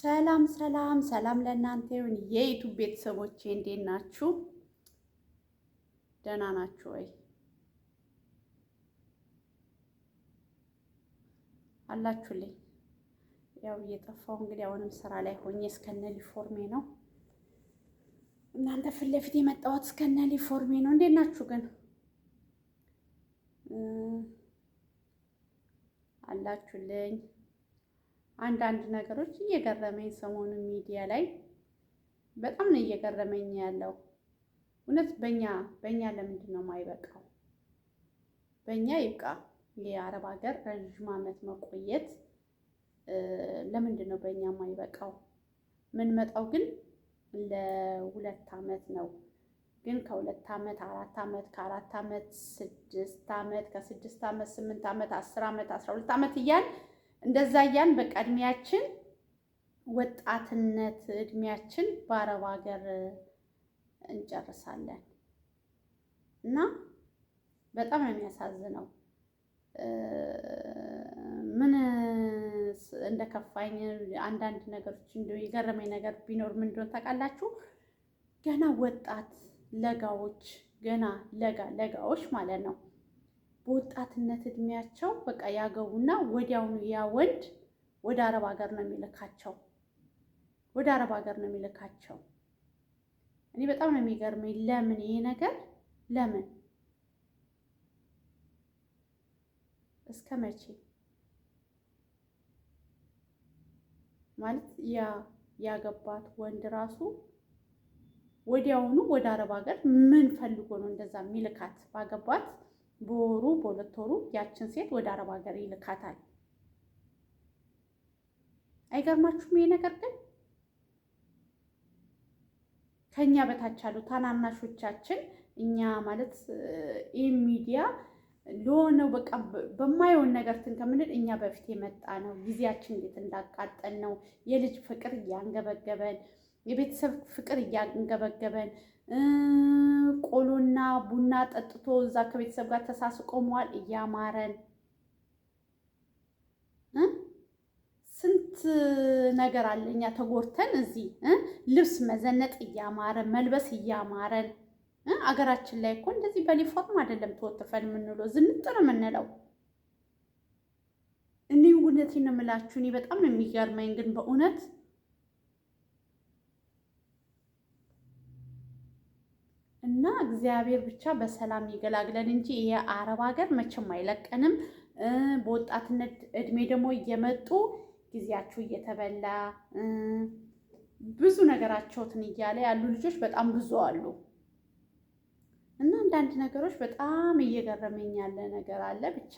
ሰላም ሰላም ሰላም ለእናንተ ይሁን የዩቱብ ቤተሰቦቼ፣ እንዴት ናችሁ? ደህና ናችሁ ወይ? አላችሁልኝ? ያው እየጠፋው እንግዲህ አሁንም ስራ ላይ ሆኜ እስከነ ሊፎርሜ ነው እናንተ ፊት ለፊት የመጣሁት እስከነ ሊፎርሜ ነው። እንዴት ናችሁ ግን አላችሁልኝ? አንዳንድ ነገሮች እየገረመኝ ሰሞኑን ሚዲያ ላይ በጣም ነው እየገረመኝ ያለው። እውነት በእኛ በእኛ ለምንድን ነው የማይበቃው? በእኛ ይብቃ። የአረብ ሀገር ረዥም ዓመት መቆየት ለምንድን ነው በእኛ የማይበቃው? ምንመጣው ግን ለሁለት ዓመት ነው ግን ከሁለት ዓመት አራት ዓመት ከአራት ዓመት ስድስት ዓመት ከስድስት ዓመት ስምንት ዓመት አስር ዓመት አስራ ሁለት ዓመት እያል እንደዛ እያን በቃ እድሜያችን ወጣትነት እድሜያችን በአረብ ሀገር እንጨርሳለን እና በጣም ነው የሚያሳዝነው። ምን እንደ ከፋኝ አንዳንድ ነገሮች እንዲ የገረመኝ ነገር ቢኖር ምን ነው ታውቃላችሁ? ገና ወጣት ለጋዎች ገና ለጋ ለጋዎች ማለት ነው በወጣትነት እድሜያቸው በቃ ያገቡና ወዲያውኑ ያ ወንድ ወደ አረብ ሀገር ነው የሚልካቸው። ወደ አረብ ሀገር ነው የሚልካቸው። እኔ በጣም ነው የሚገርመኝ። ለምን ይሄ ነገር ለምን እስከ መቼ ማለት ያ ያገባት ወንድ ራሱ ወዲያውኑ ወደ አረብ ሀገር ምን ፈልጎ ነው እንደዛ የሚልካት ባገባት በወሩ በሁለት ወሩ ያችን ሴት ወደ አረብ ሀገር ይልካታል። አይገርማችሁም? ይሄ ነገር ግን ከኛ በታች አሉ ታናናሾቻችን እኛ ማለት ይህ ሚዲያ ለሆነው በቃ በማይሆን ነገር እንትን ከምንል እኛ በፊት የመጣ ነው። ጊዜያችን እንዴት እንዳቃጠል ነው። የልጅ ፍቅር እያንገበገበን፣ የቤተሰብ ፍቅር እያንገበገበን ቆሎና ቡና ጠጥቶ እዛ ከቤተሰብ ጋር ተሳስቆ መዋል እያማረን ስንት ነገር አለ። እኛ ተጎርተን እዚህ ልብስ መዘነጥ እያማረን መልበስ እያማረን አገራችን ላይ እኮ እንደዚህ በሊፎርም አይደለም ተወትፈን የምንውለው ነው የምንለው። እኔ እውነቴን ነው የምላችሁ፣ እኔ በጣም ነው የሚገርመኝ ግን በእውነት እና እግዚአብሔር ብቻ በሰላም ይገላግለን እንጂ ይሄ አረብ ሀገር መቼም አይለቀንም። በወጣትነት እድሜ ደግሞ እየመጡ ጊዜያቸው እየተበላ ብዙ ነገራቸውትን እያለ ያሉ ልጆች በጣም ብዙ አሉ እና አንዳንድ ነገሮች በጣም እየገረመኝ ያለ ነገር አለ። ብቻ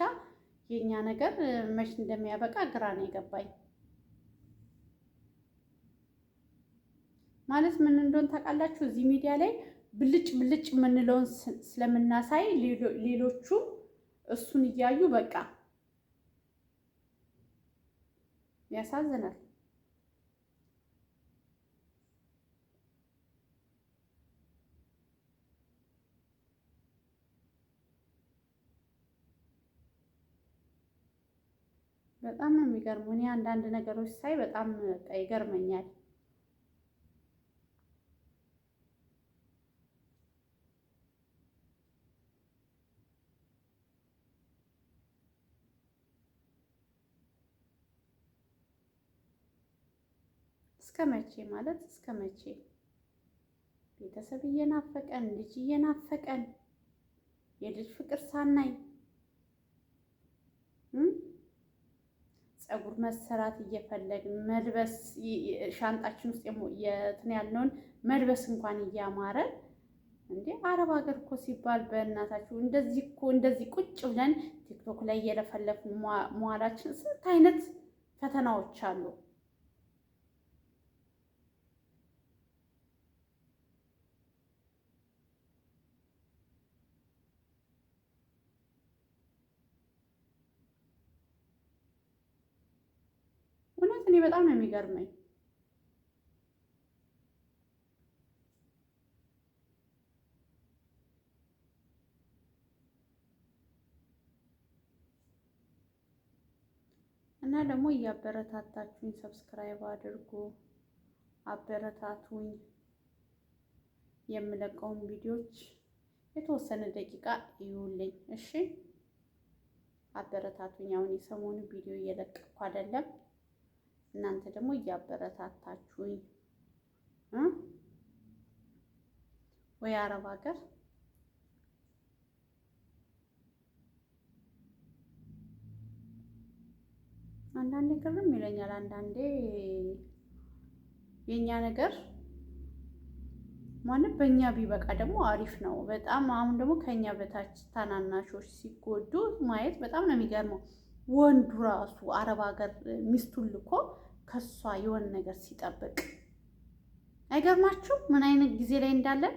የኛ ነገር መች እንደሚያበቃ ግራ ነው የገባኝ። ማለት ምን እንደሆን ታውቃላችሁ እዚህ ሚዲያ ላይ ብልጭ ብልጭ የምንለውን ስለምናሳይ ሌሎቹ እሱን እያዩ በቃ ያሳዝናል። በጣም ነው የሚገርመው። እኔ አንዳንድ ነገሮች ሳይ በጣም ይገርመኛል። እስከ መቼ ማለት እስከ መቼ ቤተሰብ እየናፈቀን ልጅ እየናፈቀን የልጅ ፍቅር ሳናይ ፀጉር መሰራት እየፈለግን መልበስ ሻንጣችን ውስጥ የትን ያልነውን መልበስ እንኳን እያማረ እንዴ አረብ ሀገር እኮ ሲባል በእናታችሁ እንደዚህ እኮ እንደዚህ ቁጭ ብለን ቲክቶክ ላይ እየለፈለፉ መዋላችን ስንት አይነት ፈተናዎች አሉ። እኔ በጣም ነው የሚገርመኝ። እና ደግሞ እያበረታታችሁኝ ሰብስክራይብ አድርጉ፣ አበረታቱኝ። የምለቀውን ቪዲዮዎች የተወሰነ ደቂቃ ይውልኝ እሺ። አበረታቱኝ። አሁን የሰሞኑ ቪዲዮ እየለቀኩ አይደለም። እናንተ ደግሞ እያበረታታችሁኝ ወይ አረብ ሀገር አንዳንዴ ግርም ይለኛል። አንዳንዴ የእኛ ነገር ማንም በእኛ ቢበቃ ደግሞ አሪፍ ነው በጣም አሁን ደግሞ ከእኛ በታች ታናናሾች ሲጎዱ ማየት በጣም ነው የሚገርመው። ወንዱ ራሱ አረብ ሀገር ሚስቱን ልኮ ከሷ የሆነ ነገር ሲጠብቅ አይገርማችሁ? ምን አይነት ጊዜ ላይ እንዳለን።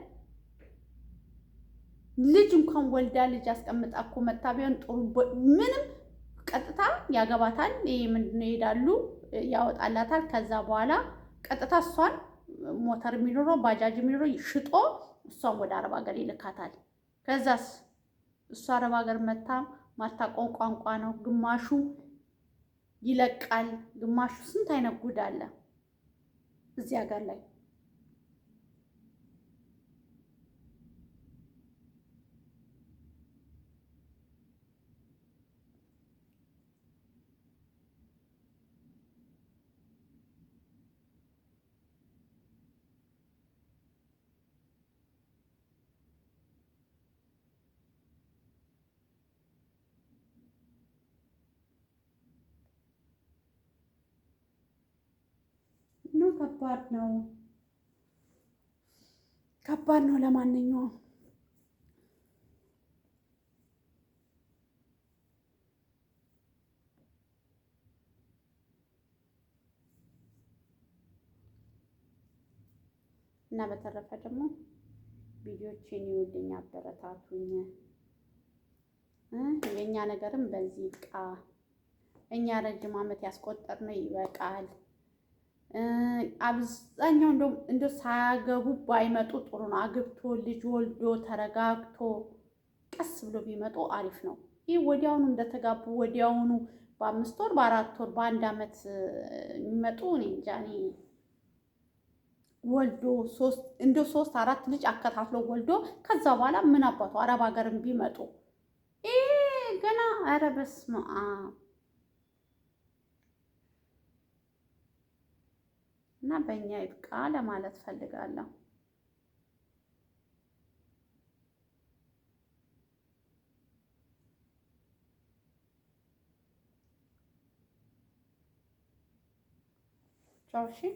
ልጅ እንኳን ወልዳ ልጅ አስቀምጣ እኮ መታ ቢሆን ጥሩ ምንም ቀጥታ ያገባታል። ይሄ ምንድነው? ይሄዳሉ፣ ያወጣላታል። ከዛ በኋላ ቀጥታ እሷን ሞተር የሚኖረው ባጃጅ የሚኖረው ሽጦ እሷን ወደ አረብ ሀገር ይልካታል። ከዛስ እሷ አረብ ሀገር መታ ማታውቀው ቋንቋ ነው። ግማሹ ይለቃል፣ ግማሹ ስንት አይነት ጉድ አለ እዚህ ሀገር ላይ። ከባድ ነው፣ ከባድ ነው። ለማንኛውም እና በተረፈ ደግሞ ቪዲዮችን ይውልኝ አበረታቱኝ። የእኛ ነገርም በዚህ ይብቃ። እኛ ረጅም ዓመት ያስቆጠርነው ይበቃል። አብዛኛው እንደ ሳያገቡ ባይመጡ ጥሩ ነው። አግብቶ ልጅ ወልዶ ተረጋግቶ ቀስ ብሎ ቢመጡ አሪፍ ነው። ይህ ወዲያውኑ እንደተጋቡ ወዲያውኑ በአምስት ወር በአራት ወር በአንድ አመት የሚመጡ እኔ እንጃ። እኔ ወልዶ እንደ ሶስት አራት ልጅ አከታትሎ ወልዶ ከዛ በኋላ ምን አባቱ አረብ ሀገርም ቢመጡ ይሄ ገና ኧረ በስመ አብ እና በእኛ ይብቃ ለማለት ፈልጋለሁ። ጨርሺ